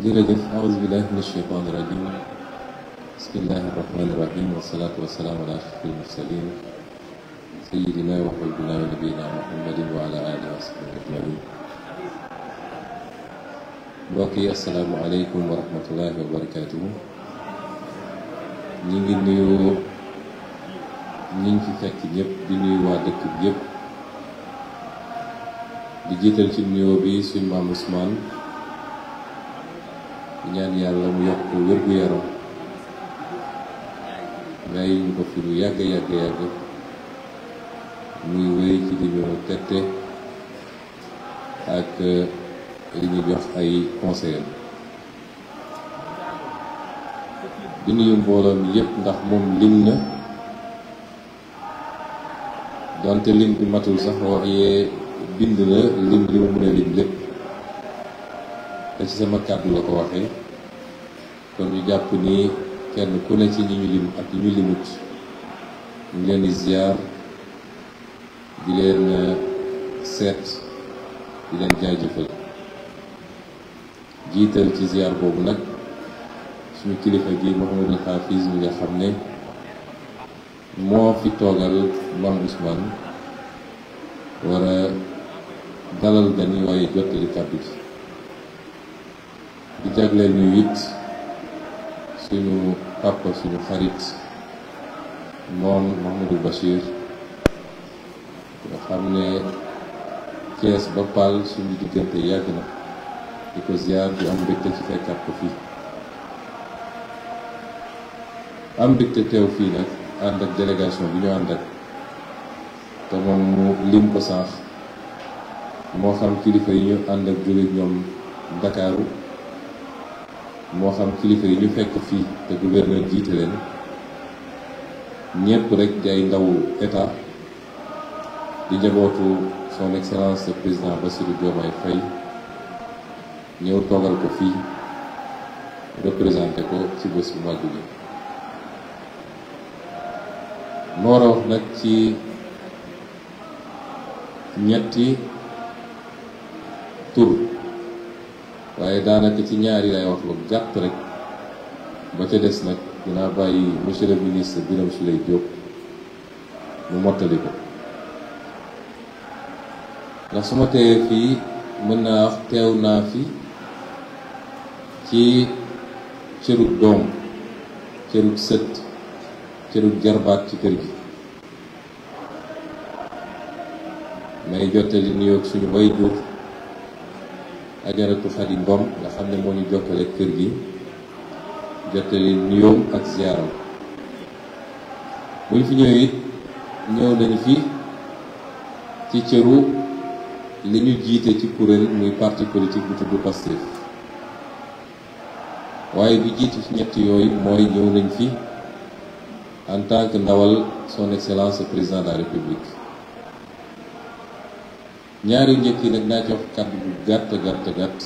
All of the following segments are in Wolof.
jërëjëf aousubillahi min asheytan irajim bismillahi irrahmani irrahim wasalatu wasalaamu ala ashraf almursalin sayidina wa habibina wa nabiyina muhammadin wa ala alihi wa sahbihi ajmain mbokk yi asalaamualeykum ñi ñi fi fekk ñëpp di nuyu waa dëkk bi yëpp di ci nuyoo bi suñ maam ñaan yàlla mu yokk ko wér-gu-yaram ñu ko fi lu yàgg yàgg yàgg muy wéy ci euh, li tette ak li ñu jox ay conseil di nuyu mbooloo yépp ndax moom lim na donte lim bi matul sax waaye bind na lim li mu mën a lim lépp te ci sama kàddu la ko waxee kon ñu jàpp ni kenn ku ne ci ñi ñu lim ak ñu limut ñu leen di ziar di leen uh, seet di leen jaajëfal jiital ci ziar boobu nag suñu kilifa gi Mouhamadou Hafiz mi nga xam ne moo fi toogal Mame Ousmane dalal gan yi jottali kàddu gi di jagleel ñu it suñu papa suñu xarit moom Mouhamadou Bachir nga xam ne Thiès ba Pal suñu diggante yàgg na di ko ziar di am mbégte ci fekkat ko fii am mbégte teew fii nag ànd ak délégation bi ñu ànd ak te moom mu lim ko saax moo xam kilifa yi ñu ànd ak jóge ñoom Ndakaaru moo xam kilifa yi ñu fekk fii te gouverneur jiite leen ñëpp rek jaay ndawu état di njabootu son excellence le président Bassirou Diomaye Faye ñëw toogal ko fii représenté ko ci bés bu màgg bi moo war nag ci ñetti tur waaye daanaka ci ñaari lay wax lu gàtt rek ba ca des nag dinaa bàyyi monsieur le ministre Birame Souleye Diop mu mottali ko ndax su ma fii mën naa wax teew naa fi ci cërug doom cërug sët cërug jarbaat ci kër gi may jottali nuyoog suñu way jur ajaratu Xadi Ngom nga xam ne moo ñu jottale kër gi jottali nuyoom ak ziyaaram bu ñu fi ñëwee ñëw nañu fi ci cëru li ñu jiite ci kuréel muy parti politique bu tudd Pastef waaye bi jiitu ci ñett yooyu mooy ñëw nañ fi en tant que ndawal son excellence président de la république ñaari njëkk yi nag naa jox kàddu bu gàtt gàtt gàtt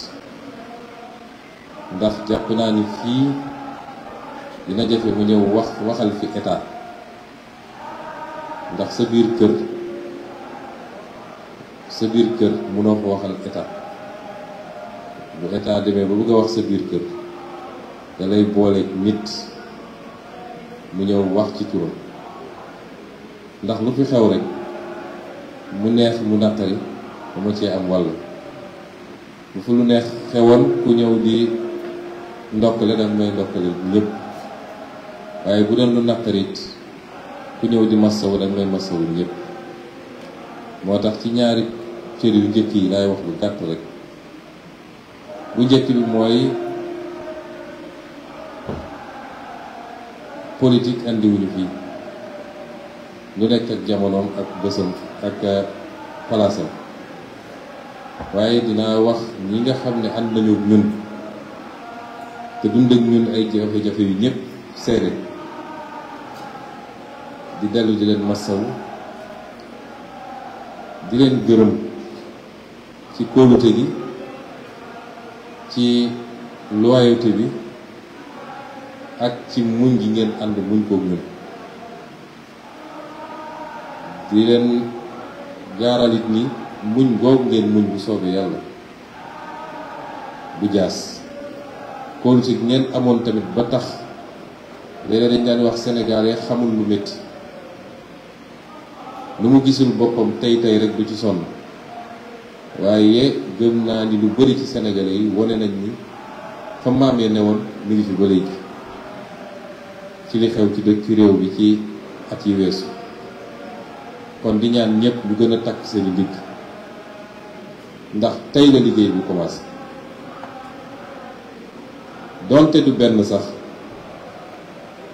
ndax jàpp naa ni fii dina jafe mu ñëw wax waxal fi état ndax sa biir kër sa biir kër munoo ko waxal état bu état demee ba bëgg a wax sa biir kër da lay boole nit mu ñëw wax ci turam ndax lu fi xew rek mu neex mu naqari dama cee am wàll bu fu lu neex xewoon ku ñëw di ndokkale danga may ndokkale lépp waaye bu doon lu naqarit ku ñëw di massawu danga may massawu ñëpp moo tax ci ñaari cër yu njëkk yi laay wax lu gàtt rek bu njëkk bi mooy politique andiwuñu fii lu nekk ak jamonoom ak bësam ak euh, palaasam waaye dinaa wax ñi nga xam ne ànd nañu ñun te dund ak ñun ay jafe-jafe yu ñëpp seere di dellu di leen massaw di leen gërëm ci kóolute gi ci loyauté bi ak ci muñ gi ngeen ànd muñ koog ñun di leen gaaralit nii muñ googu ngeen muñ bu soobee yàlla bu jaas kon si ngeen amoon tamit ba tax léeg dañ daan wax sénégalais xamul lu metti lu mu gisul boppam tey tey rek du ci sonn waaye gëm naa ni lu bëri ci sénégalais yi wane nañ ni fa maamee ne woon mi ngi fi ba léegi ci li xew ci dëkk ci réew bi ci at yi weesu kon di ñaan ñëpp ñu gën a takk seeni digg ndax tey la liggéey bu commencé donte du benn sax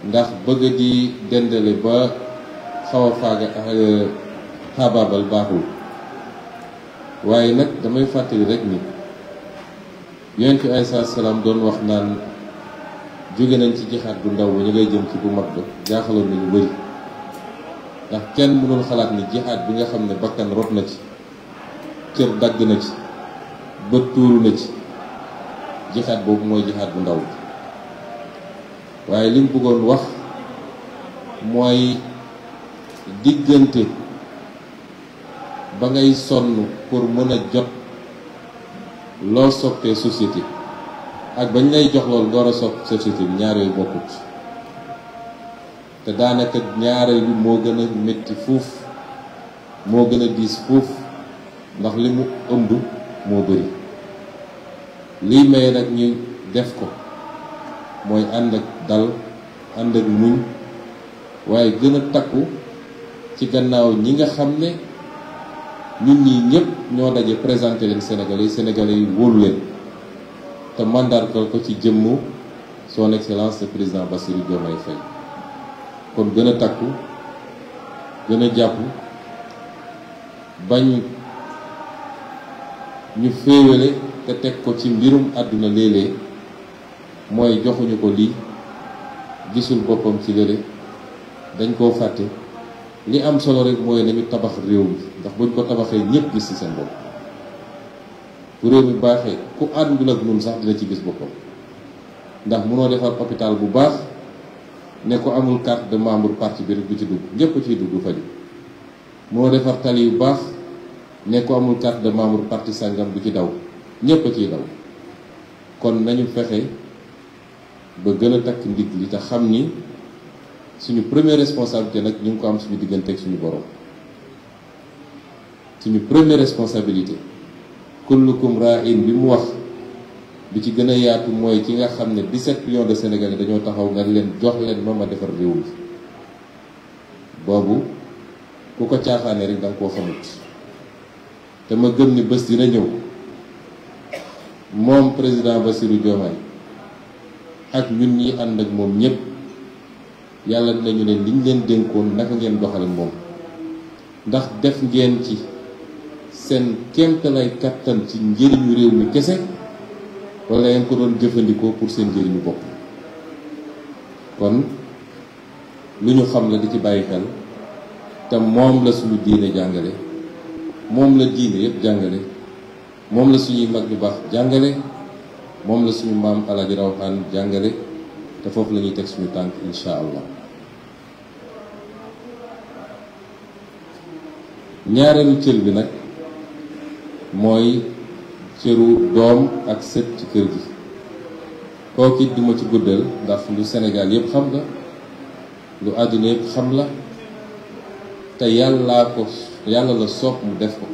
ndax bëgg di dendale ba xaw a faaga euh, xaabaabal baaxul waaye nag damay fàttali rek ni yonent bi aleyhi salaam doon wax naan jóge nañ ci jixaat bu ndaw ba ñu ngay jëm ci bu mag ba jaaxaloon nañu bëri ndax kenn mënul xalaat ni jixaat bi nga xam ne bakkan rot na ci cër dagg na ci bët tuuru na ci jixaat boobu mooy jixaat bu ndaw waaye li mu bëggoon wax mooy diggante ba ngay sonn pour mën a jot loo soppee société ak bañ lay jox lool door a sopp société bi ñaar bokkut te daanaka ñaareel bi moo gën a métti fuuf moo gën a diis fuuf ndax li mu ëmb moo bëri liy maye nag ñu def ko mooy ànd ak dal ànd ak muñ waaye gën takku ci gannaaw ñi nga xam ne ñun ñii ñëpp ñoo daje présenté leen Sénégalais yi Sénégalais yi wóolu leen te mandargal ko ci jëmmu soo excellence le président Bassirou Diomaye Faye kon gën takku gën a jàpp bañ ñu féewale te teg ko ci mbirum àdduna léeg-léeg mooy joxuñu ko lii gisul boppam ci lële dañ koo fàtte li am solo rek mooy nañu tabax réew mi ndax buñ ko tabaxee ñëpp gis ci seen bopp bu réew mi baaxee ku àndul ak ñun sax dina ci gis boppam ndax munoo defar hôpital bu baax ne ko amul carte de membre parti bi rek du ci dugg ñëpp ciy dugg faju munoo defar tali yu baax ne ko amul carte de membre parti sangam bu ci daw ñépp a ciy daw kon nañu fexe ba gën a takk ndigg li te xam ni suñu premier responsabilité nag ñu ngi ko am suñu diggante ak suñu borom suñu première responsabilité kullukum ra'in bi mu wax bi ci gën a yaatu mooy ci nga xam ne 17 millions de sénégalais dañoo taxaw nga leen jox leen ma ma defar réew mi boobu ku ko caaxaane rek da nga koo xamut dama ma ni bés dina ñëw moom président Bassirou Diomaye ak ñun ñi ànd ak moom ñëpp yàlla dinañu ne ñu leen dénkoon naka ngeen doxale moom ndax def ngeen ci seen kéemtalaay kattan ci njëriñu réew mi kese wala yaa ngi ko doon jëfandikoo pour seen njëriñu bopp kon lu ñu xam la di ci bàyyi xel te moom la suñu diine jàngale moom la diine yëpp jàngale moom la suñuy mag ñu baax jàngale moom la suñu maam Alaaji Rawaan jàngale te foofu la ñuy teg suñu tànk incha allah ñaareelu cër bi nag mooy cëru doom ak sët ci kër gi kooku it duma ci guddal ndax lu Sénégal yëpp xam la lu àdduna yëpp xam la te yàllaa ko yàlla la sopp mu def ko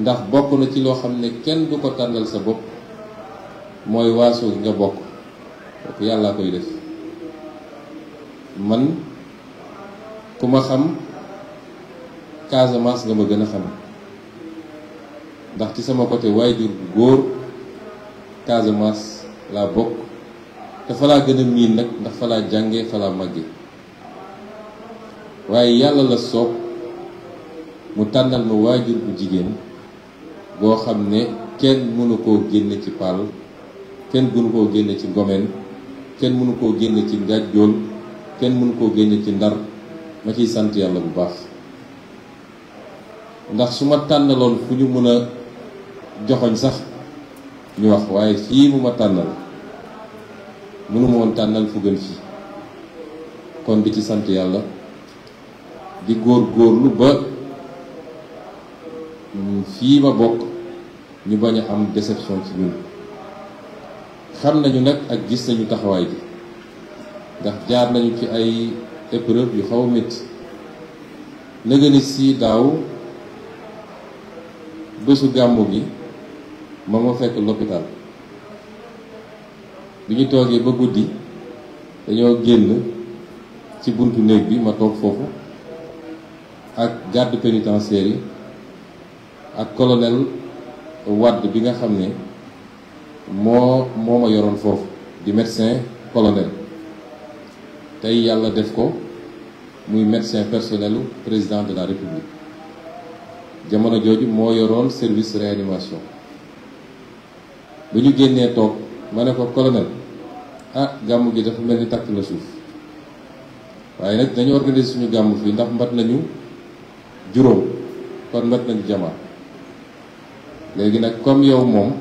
ndax bokk na ci loo xam ne kenn du ko tànnal sa bopp mooy waasoo gi nga bokk kooku yàllaa koy def man ku ma xam Casamance nga ma gën a xam ndax ci sama côté waajur bu góor Casamance laa bokk te fa laa gën a miin nag ndax fa laa jàngee fa laa màggee waaye yàlla la soob mu tànnal ma waajur bu jigéen boo xam ne kenn mënu koo génne ci pal kenn mënu koo génne ci gomen kenn mënu koo génne ci ngàjjool kenn mënu koo génne ci ndar ma ciy sant yàlla bu baax ndax su ma tànnaloon fu ñu mën a joxoñ sax ñu wax waaye fii mu ma tànnal mënu ma woon tànnal fu gën fii kon bi ci sant yàlla di góorgóorlu ba fii ma bokk ñu bañ a am déception ci ñun xam nañu nag ak gis nañu taxawaay bi ndax jaar nañu ci ay épreuve yu xaw a métti nëgëni si daaw bésu gàmmu gi ma ma fekk l'hôpital bi ñu toogee ba guddi dañoo génn ci buntu néeg bi ma toog foofu ak garde pénitentiaire yi ak colonel Wadd bi nga xam ne moo moo ma yoroon foofu di médecin colonel tey yàlla def ko muy médecin personnelu président de la république jamono jooju moo yoroon service réanimation bu ñu génnee toog ma ne ko colonel ah gàmm gi dafa mel ni takk na suuf waaye nag dañu organiser suñu gàmm fii ndax mbat nañu juróom kon mat nañ jama léegi nag comme yow moom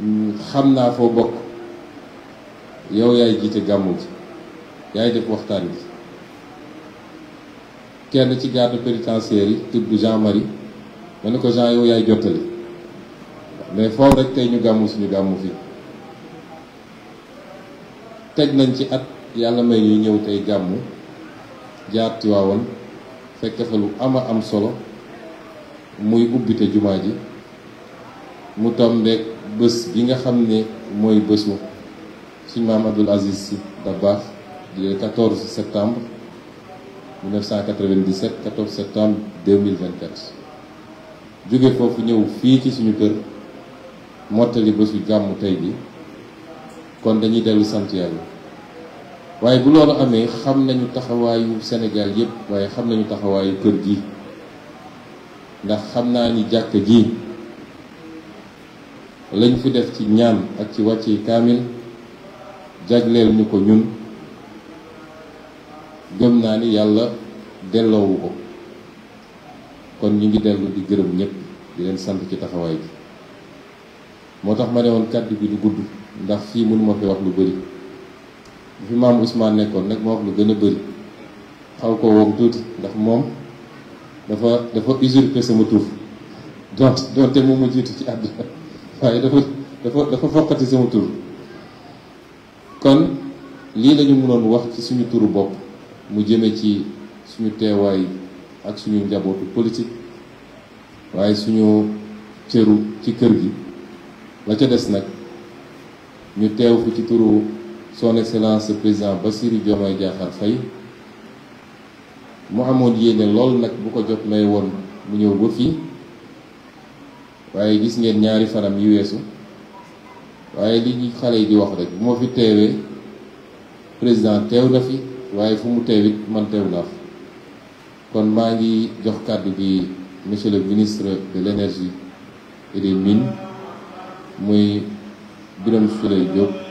mm, xam naa foo bokk yow yaay jiite gàmmu gi yaay def waxtaan bi kenn ci garde pénitentiaire yi tudd Jean Marie ma ne ko Jean yow yaay jottali mais foofu rek tey ñu gàmmu suñu gàmmu fii teg nañ ci at yàlla may ñuy ñëw tey gàmmu jaar Tiwaawan fekk fa lu ama am solo muy ubbite jumaa ji mu tombeek bés bi nga xam ne mooy bésu suñ maam Abdoul Aziz Sy Dabakh le 14 septembre 1997 14 septembre 2024 jóge foofu ñëw fii ci suñu kër mottali bésu jàmm tey bi kon dañuy dellu sant yàlla waaye bu loolu amee xam nañu taxawaayu senegaal yépp waaye xam nañu taxawaayu kër gi ndax xam naa ni jàkk ji lañ fi def ci ñaan ak ci wàcce kaamil jagleel ñu ko ñun gëm naa ni yàlla delloowu ko kon ñu ngi dellu di gërëm ñépp di leen sant ci taxawaay bi moo tax ma ne woon kàdd bi du gudd ndax fii mënuma fi wax lu bari fi maam Ousmane nekkoon nag moo wax lu gën a bëri xaw koo woom tuuti ndax moom dafa dafa usurpé sama tur donc donte moom ma jiitu ci àdduna waaye dafa dafa dafa foqati sama tur kon lii lañu mënoon wax ci suñu turu bopp mu jëme ci suñu teewaay ak suñu njabootu politique waaye suñu cëru ci kër gi la ca des nag ñu teew fi ci turu son excellence président Bassirou Diomaye Diakhar Faye mu amoon yéene lool nag bu ko jot may woon mu ñëw ba fii waaye gis ngeen ñaari faram yi weesu waaye li ñu xale yi di wax rek bu ma fi teewee président teew na fi waaye fu mu teewit man teew naa fi kon maa ngi jox kàddu gi monsieur le ministre de l'énergie et des mines muy Birame Souleye